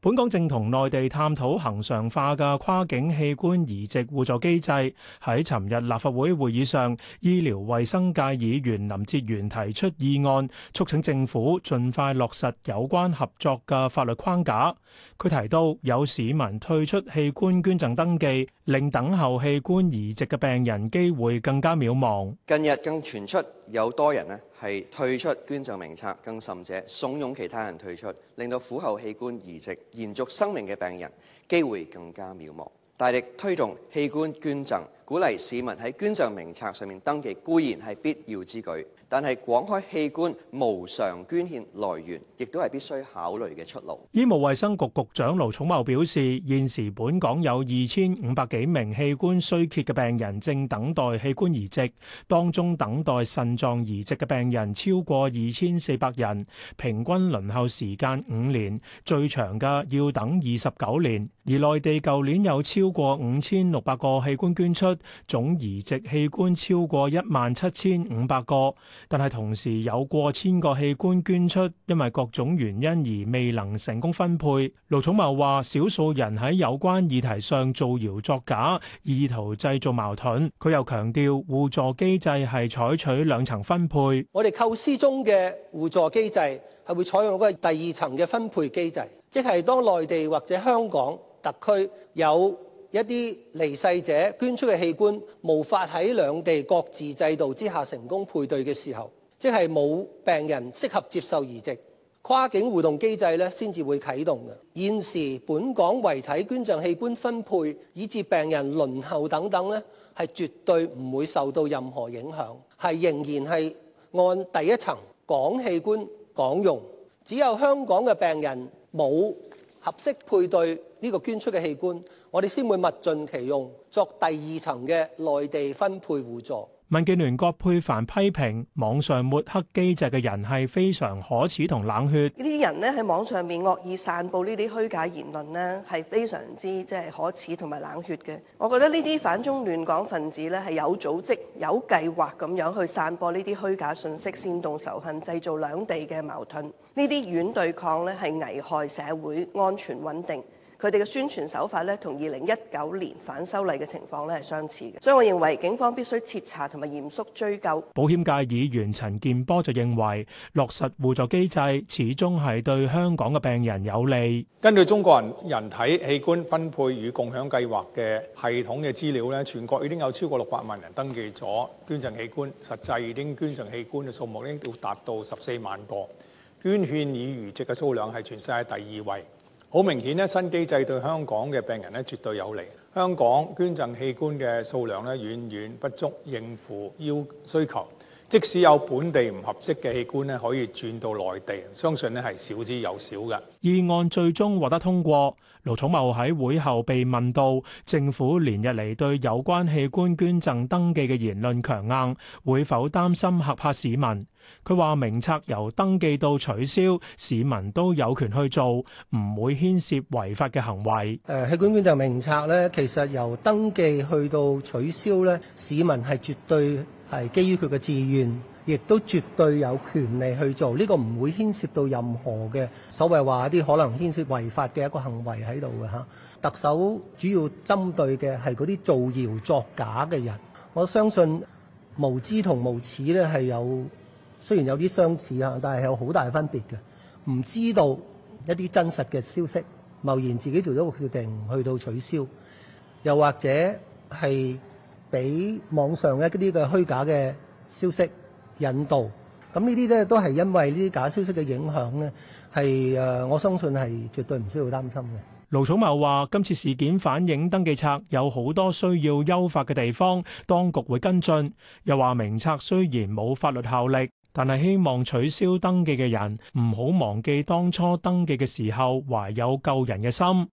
本港正同內地探討恆常化嘅跨境器官移植互助機制。喺尋日立法會會議上，醫療衛生界議員林哲玄提出議案，促請政府盡快落實有關合作嘅法律框架。佢提到有市民退出器官捐贈登記，令等候器官移植嘅病人機會更加渺茫。近日更傳出，有多人呢，係退出捐贈名冊，更甚者慫恿其他人退出，令到苦候器官移植延續生命嘅病人機會更加渺茫。大力推動器官捐贈。鼓勵市民喺捐贈名冊上面登記固然係必要之舉，但係廣開器官無償捐獻來源，亦都係必須考慮嘅出路。醫務衛生局局長盧寵茂表示，現時本港有二千五百幾名器官衰竭嘅病人正等待器官移植，當中等待腎臟移植嘅病人超過二千四百人，平均輪候時間五年，最長嘅要等二十九年。而內地舊年有超過五千六百個器官捐出。總移植器官超過一萬七千五百個，但係同時有過千個器官捐出，因為各種原因而未能成功分配。盧寵茂話，少數人喺有關議題上造謠作假，意圖製造矛盾。佢又強調互助機制係採取兩層分配。我哋構思中嘅互助機制係會採用嗰個第二層嘅分配機制，即係當內地或者香港特區有。一啲離世者捐出嘅器官，無法喺兩地各自制度之下成功配對嘅時候，即係冇病人適合接受移植，跨境互助機制咧先至會啟動嘅。現時本港遺體捐贈器官分配，以至病人輪候等等咧，係絕對唔會受到任何影響，係仍然係按第一層港器官港用，只有香港嘅病人冇合適配對呢個捐出嘅器官，我哋先會物盡其用，作第二層嘅內地分配互助。民建聯葛珮帆，批評網上抹黑機制嘅人係非常可恥同冷血。呢啲人在喺網上面惡意散布呢啲虛假言論係非常之可恥同埋冷血嘅。我覺得呢啲反中亂港分子係有組織有計劃咁樣去散播呢啲虛假信息，煽動仇恨，製造兩地嘅矛盾。呢啲軟對抗是係危害社會安全穩定。佢哋嘅宣傳手法咧，同二零一九年反修例嘅情況咧係相似嘅，所以我認為警方必須徹查同埋嚴肅追究。保險界議員陳健波就認為落實互助機制始終係對香港嘅病人有利。根據中國人人體器官分配與共享計劃嘅系統嘅資料咧，全國已經有超過六百萬人登記咗捐贈器官，實際已經捐贈器官嘅數目已經達到十四萬個，捐獻與移植嘅數量係全世界第二位。好明顯咧，新機制對香港嘅病人咧絕對有利。香港捐贈器官嘅數量咧，遠遠不足應付要需求。即使有本地唔合適嘅器官呢，可以轉到內地，相信呢係少之又少嘅。議案最終獲得通過。盧寵茂喺會後被問到，政府連日嚟對有關器官捐贈登記嘅言論強硬，會否擔心嚇怕市民？佢話名冊由登記到取消，市民都有權去做，唔會牽涉違法嘅行為。誒、呃，器官捐贈名冊呢，其實由登記去到取消呢，市民係絕對。係基於佢嘅志願，亦都絕對有權利去做。呢個唔會牽涉到任何嘅所謂話啲可能牽涉違法嘅一個行為喺度嘅吓。特首主要針對嘅係嗰啲造謠作假嘅人。我相信無知同無恥呢，係有雖然有啲相似，但係有好大分別嘅。唔知道一啲真實嘅消息，貿然自己做咗個決定去到取消，又或者係。俾網上一啲啲嘅虛假嘅消息引導，咁呢啲咧都係因為呢啲假消息嘅影響咧，係誒我相信係絕對唔需要擔心嘅。盧寵茂話：今次事件反映登記冊有好多需要優化嘅地方，當局會跟進。又話名冊雖然冇法律效力，但係希望取消登記嘅人唔好忘記當初登記嘅時候懷有救人嘅心。